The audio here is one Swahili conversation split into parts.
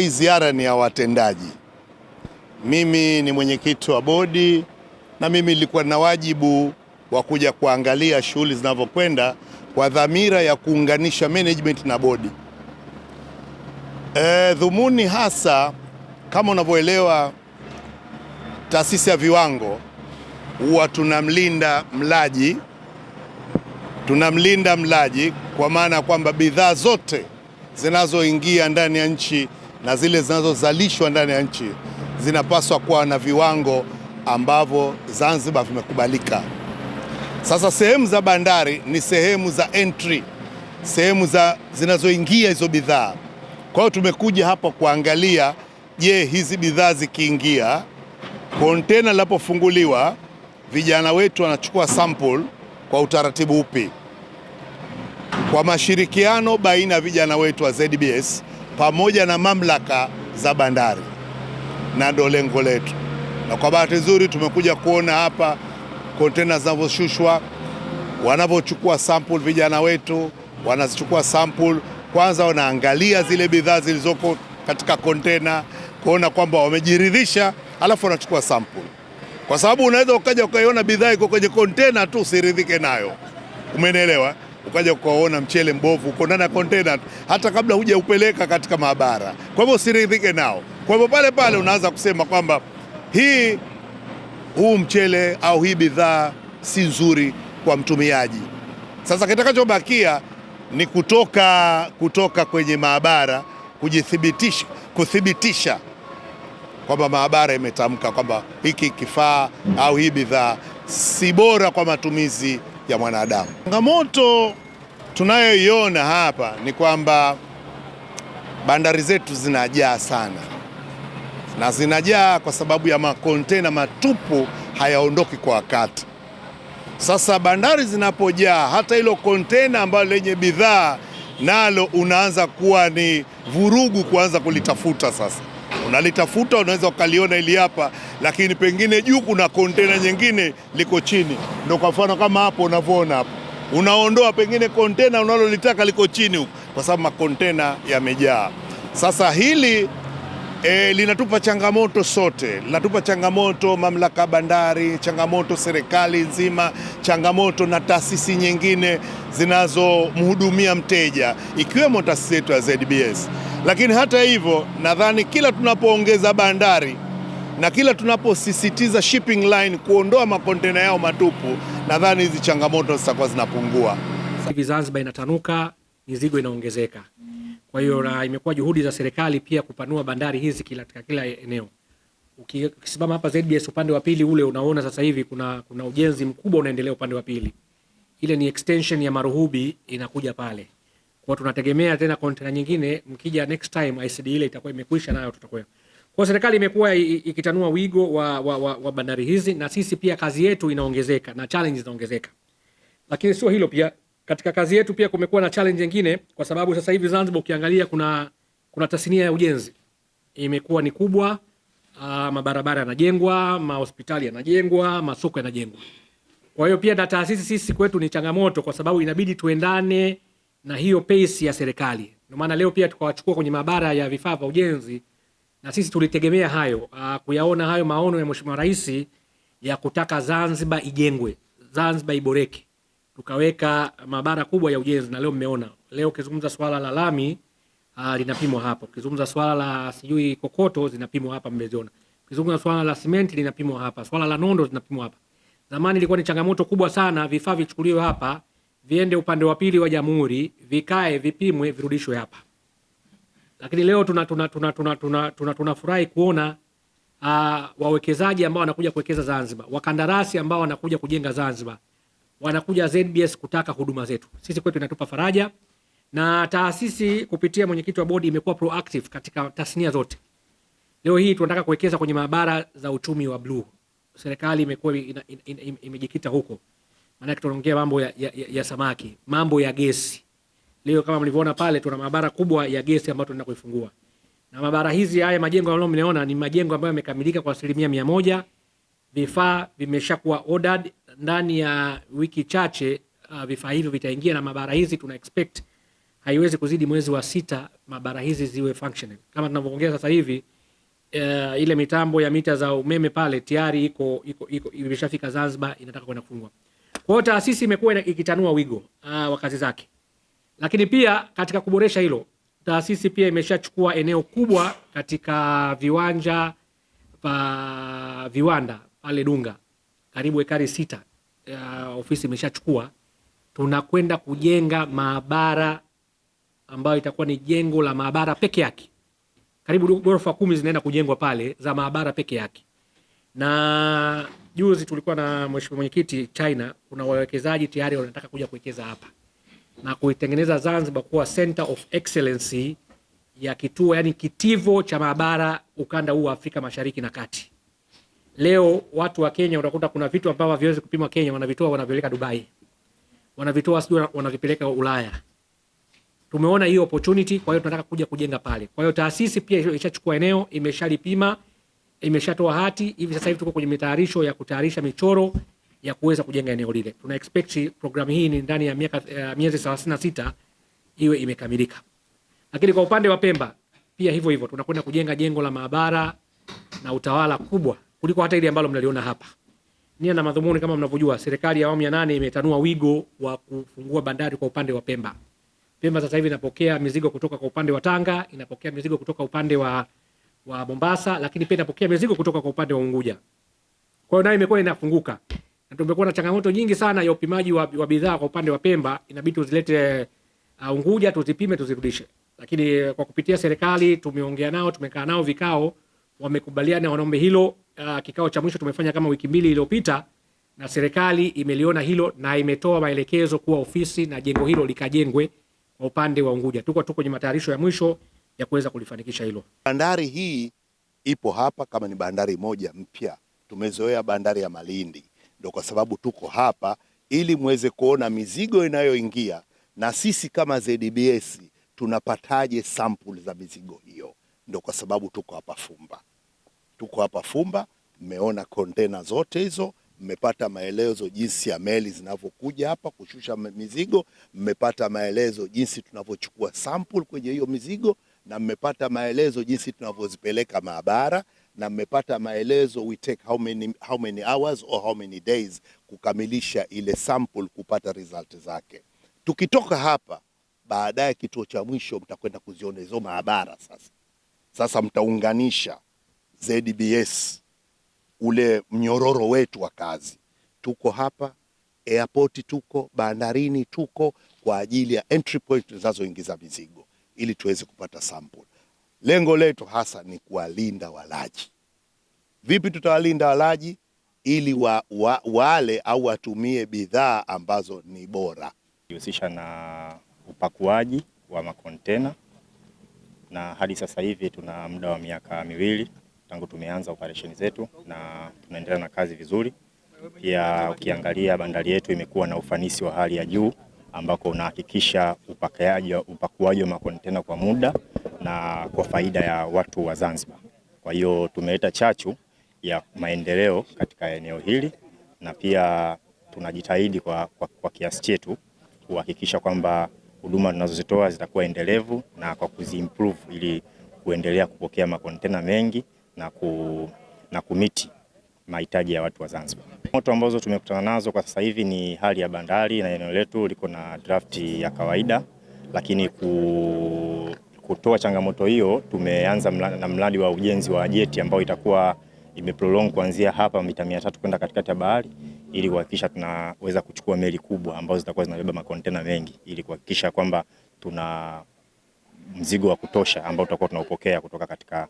Hii ziara ni ya watendaji. Mimi ni mwenyekiti wa bodi na mimi nilikuwa na wajibu wa kuja kuangalia shughuli zinavyokwenda kwa dhamira ya kuunganisha management na bodi. E, dhumuni hasa kama unavyoelewa, taasisi ya viwango huwa tunamlinda mlaji, tunamlinda mlaji kwa maana ya kwamba bidhaa zote zinazoingia ndani ya nchi na zile zinazozalishwa ndani ya nchi zinapaswa kuwa na viwango ambavyo Zanzibar vimekubalika. Sasa sehemu za bandari ni sehemu za entry, sehemu za zinazoingia hizo bidhaa. Kwa hiyo tumekuja hapa kuangalia, je, hizi bidhaa zikiingia kontena linapofunguliwa, vijana wetu wanachukua sample kwa utaratibu upi? Kwa mashirikiano baina ya vijana wetu wa ZBS pamoja na mamlaka za bandari, na ndio lengo letu. Na kwa bahati nzuri tumekuja kuona hapa kontena zinavyoshushwa, wanavyochukua sample vijana wetu wanazichukua sample kwanza, wanaangalia zile bidhaa zilizoko katika kontena kuona kwamba wamejiridhisha, alafu wanachukua sample, kwa sababu unaweza ukaja ukaiona bidhaa iko kwenye kontena tu usiridhike nayo. Umenielewa? ukaja ukaona mchele mbovu uko ndani ya kontena hata kabla hujaupeleka katika maabara. Kwa hivyo usiridhike nao. Kwa hivyo pale pale unaanza kusema kwamba hii huu mchele au hii bidhaa si nzuri kwa mtumiaji. Sasa kitakachobakia ni kutoka, kutoka kwenye maabara kujithibitisha, kuthibitisha kwamba maabara imetamka kwamba hiki kifaa au hii bidhaa si bora kwa matumizi ya mwanadamu. Changamoto tunayoiona hapa ni kwamba bandari zetu zinajaa sana, na zinajaa kwa sababu ya makontena matupu hayaondoki kwa wakati. Sasa bandari zinapojaa, hata hilo kontena ambalo lenye bidhaa nalo unaanza kuwa ni vurugu kuanza kulitafuta sasa unalitafuta unaweza ukaliona ili hapa, lakini pengine juu kuna kontena nyingine liko chini. Ndio kwa mfano kama hapo unavyoona hapo, unaondoa pengine kontena unalolitaka liko chini huko, kwa sababu makontena yamejaa. Sasa hili E, linatupa changamoto sote, linatupa changamoto mamlaka ya bandari, changamoto serikali nzima, changamoto na taasisi nyingine zinazomhudumia mteja ikiwemo taasisi yetu ya ZBS. Lakini hata hivyo, nadhani kila tunapoongeza bandari na kila tunaposisitiza shipping line kuondoa makontena yao matupu, nadhani hizi changamoto zitakuwa zinapungua. Hivi Zanzibar inatanuka, mizigo inaongezeka. Kwa hiyo na imekuwa juhudi za serikali pia kupanua bandari hizi kila katika kila eneo. Ukisimama hapa ZBS upande wa pili ule unaona sasa hivi kuna, kuna ujenzi mkubwa unaendelea upande wa pili, ile ni extension ya Maruhubi inakuja pale kwa tunategemea tena kontena nyingine, mkija next time ICD ile itakuwa imekwisha nayo tutakuwa. Kwa serikali imekuwa ikitanua wigo wa, wa, wa, wa bandari hizi na sisi pia kazi yetu inaongezeka na challenge zinaongezeka. Lakini sio hilo pia, katika kazi yetu pia kumekuwa na challenge nyingine kwa sababu sasa hivi Zanzibar ukiangalia kuna kuna tasnia ya ujenzi imekuwa ni kubwa. Uh, mabarabara yanajengwa, mahospitali yanajengwa, masoko yanajengwa. Kwa hiyo pia na taasisi sisi kwetu ni changamoto kwa sababu inabidi tuendane na hiyo pesi ya serikali. Ndio maana leo pia tukawachukua kwenye mabara ya vifaa vya ujenzi, na sisi tulitegemea hayo uh, kuyaona hayo maono ya Mheshimiwa Rais ya kutaka Zanzibar ijengwe, Zanzibar iboreke, tukaweka mabara kubwa ya ujenzi, na leo mmeona, leo ukizungumza swala la lami uh, linapimwa hapa, ukizungumza swala la sijui kokoto zinapimwa hapa, mmeziona, ukizungumza swala la simenti linapimwa hapa, swala la nondo zinapimwa hapa. Zamani ilikuwa ni changamoto kubwa sana vifaa vichukuliwe hapa viende upande wa pili wa jamhuri, vikae, vipimwe, virudishwe hapa. Lakini leo tunafurahi tuna, tuna, tuna, tuna, tuna, tuna, tuna kuona uh, wawekezaji ambao wanakuja kuwekeza Zanzibar, wakandarasi ambao wanakuja kujenga Zanzibar wanakuja ZBS kutaka huduma zetu. Sisi kwetu inatupa faraja, na taasisi kupitia mwenyekiti wa bodi imekuwa proactive katika tasnia zote. Leo hii tunataka kuwekeza kwenye maabara za uchumi wa bluu, serikali imekuwa imejikita huko. Maanake tunaongea mambo ya, ya, ya, ya samaki, mambo ya gesi. Leo kama mlivyoona pale tuna maabara kubwa ya gesi ambayo tunaenda kuifungua. Na maabara hizi haya majengo ambayo mmeona ni majengo ambayo yamekamilika kwa asilimia mia moja. Vifaa vimeshakuwa ordered ndani ya wiki chache uh, vifaa hivyo vitaingia na maabara hizi tuna expect haiwezi kuzidi mwezi wa sita maabara hizi ziwe functional. Kama tunavyoongea sasa hivi uh, ile mitambo ya mita za umeme pale tayari iko iko imeshafika Zanzibar inataka kwenda kufungwa. Kwa hiyo taasisi imekuwa ikitanua wigo uh, wa kazi zake, lakini pia katika kuboresha hilo, taasisi pia imeshachukua eneo kubwa katika viwanja pa viwanda pale Dunga karibu ekari sita uh, ofisi imeshachukua. Tunakwenda kujenga maabara ambayo itakuwa ni jengo la maabara peke yake, karibu ghorofa kumi zinaenda kujengwa pale za maabara peke yake na Juzi tulikuwa na mheshimiwa mwenyekiti, China kuna wawekezaji tayari wanataka kuja kuwekeza hapa na kuitengeneza Zanzibar kuwa center of excellence ya kituo, yani kitivo cha maabara ukanda huu wa Afrika Mashariki na Kati. Leo watu wa Kenya unakuta kuna vitu ambavyo haviwezi kupima Kenya, wanavitoa wanavipeleka Dubai, wanavitoa sio, wanavipeleka Ulaya. Tumeona hiyo opportunity, kwa hiyo tunataka kuja kujenga pale. Kwa hiyo taasisi pia ishachukua eneo, imeshalipima imeshatoa hati, hivi sasa hivi tuko kwenye mitayarisho ya kutayarisha michoro ya kuweza kujenga eneo lile. Tuna expect programu hii ni ndani ya miaka uh, miezi 36 iwe imekamilika. Lakini kwa upande wa Pemba pia hivyo hivyo tunakwenda kujenga jengo la maabara na utawala kubwa kuliko hata ile ambalo mnaliona hapa. Nia na madhumuni kama mnavyojua, serikali ya awamu ya nane imetanua wigo wa kufungua bandari kwa upande wa Pemba. Pemba sasa hivi inapokea mizigo kutoka kwa upande wa Tanga, inapokea mizigo kutoka upande wa wa Mombasa, lakini pia inapokea mizigo kutoka kwa upande wa Unguja. Kwa hiyo nayo imekuwa inafunguka. Na tumekuwa na changamoto nyingi sana ya upimaji wa, wa bidhaa kwa upande wa Pemba, inabidi tuzilete uh, Unguja tuzipime tuzirudishe. Lakini uh, kwa kupitia serikali tumeongea nao, tumekaa nao vikao, wamekubaliana wanaombe hilo. Uh, kikao cha mwisho tumefanya kama wiki mbili iliyopita na serikali imeliona hilo na imetoa maelekezo kuwa ofisi na jengo hilo likajengwe kwa upande wa Unguja. Tuko tuko kwenye matayarisho ya mwisho ya kuweza kulifanikisha hilo. Bandari hii ipo hapa kama ni bandari moja mpya. Tumezoea bandari ya Malindi, ndio kwa sababu tuko hapa ili muweze kuona mizigo inayoingia na sisi kama ZDBS tunapataje sample za mizigo hiyo. Ndio kwa sababu tuko hapa Fumba, tuko hapa Fumba. Mmeona kontena zote hizo, mmepata maelezo jinsi ya meli zinavyokuja hapa kushusha mizigo, mmepata maelezo jinsi tunavyochukua sample kwenye hiyo mizigo, na mmepata maelezo jinsi tunavyozipeleka maabara na mmepata maelezo we take how many, how many hours or how many days kukamilisha ile sample kupata result zake. Tukitoka hapa baadaye, kituo cha mwisho mtakwenda kuziona hizo maabara sasa. Sasa mtaunganisha ZBS ule mnyororo wetu wa kazi. Tuko hapa airport, tuko bandarini, tuko kwa ajili ya entry point zinazoingiza mizigo ili tuweze kupata sample. Lengo letu hasa ni kuwalinda walaji. Vipi tutawalinda walaji? Ili wa, wa, wale au watumie bidhaa ambazo ni bora. Jihusisha na upakuaji wa makontena na hadi sasa hivi tuna muda wa miaka miwili tangu tumeanza operesheni zetu na tunaendelea na kazi vizuri. Pia ukiangalia bandari yetu imekuwa na ufanisi wa hali ya juu ambako unahakikisha upakaji upakuaji wa makontena kwa muda na kwa faida ya watu wa Zanzibar. Kwa hiyo tumeleta chachu ya maendeleo katika eneo hili na pia tunajitahidi kwa, kwa, kwa kiasi chetu kuhakikisha kwamba huduma tunazozitoa zitakuwa endelevu na kwa kuziimprove ili kuendelea kupokea makontena mengi na, ku, na kumiti mahitaji ya watu wa Zanzibar. Moto ambazo tumekutana nazo kwa sasa hivi ni hali ya bandari na eneo letu liko na draft ya kawaida, lakini ku, kutoa changamoto hiyo tumeanza na mradi wa ujenzi wa jeti ambao itakuwa imeprolong kuanzia hapa mita 300 kwenda katikati ya bahari ili kuhakikisha tunaweza kuchukua meli kubwa ambazo zitakuwa zinabeba makontena mengi ili kuhakikisha kwamba tuna mzigo wa kutosha ambao tutakuwa tunaupokea kutoka katika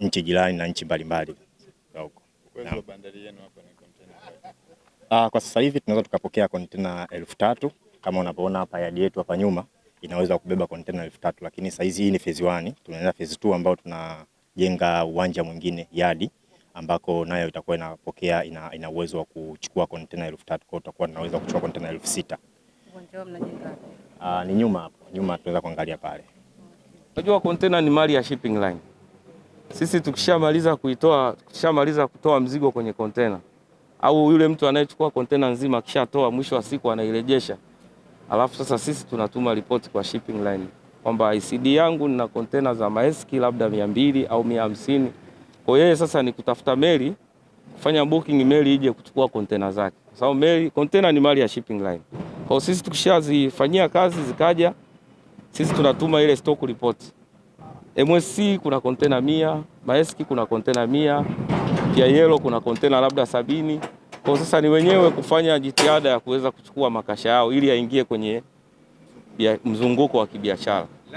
nchi jirani na nchi mbalimbali. Uh, kwa sasa hivi tunaweza tukapokea kontena elfu tatu kama unavyoona hapa yadi yetu hapa nyuma inaweza kubeba kontena elfu tatu lakini saizi hii ni phase 1, tunaenda phase 2 ambao tunajenga uwanja mwingine yadi ambako nayo itakuwa inapokea ina, ina uwezo wa kuchukua kontena elfu tatu kwa tutakuwa tunaweza kuchukua kontena elfu sita Ah, ni nyuma hapo nyuma tunaweza kuangalia pale. Unajua kontena ni mali ya shipping line. Sisi tukishamaliza kuitoa tukishamaliza kutoa mzigo kwenye kontena au yule mtu anayechukua kontena nzima akishatoa, mwisho wa siku anairejesha, alafu sasa sisi tunatuma ripoti kwa shipping line kwamba ICD yangu nina kontena za maeski labda mia mbili au mia hamsini. Kwa yeye sasa ni kutafuta meli kufanya booking, meli ije kuchukua kontena zake, kwa sababu meli kontena ni mali ya shipping line. Kwa sisi tukishazifanyia kazi zikaja, sisi tunatuma ile stock report. MSC kuna kontena mia, maeski kuna kontena mia yellow kuna kontena labda sabini. Kwa sasa ni wenyewe kufanya jitihada ya kuweza kuchukua makasha yao ili yaingie kwenye ya mzunguko wa kibiashara.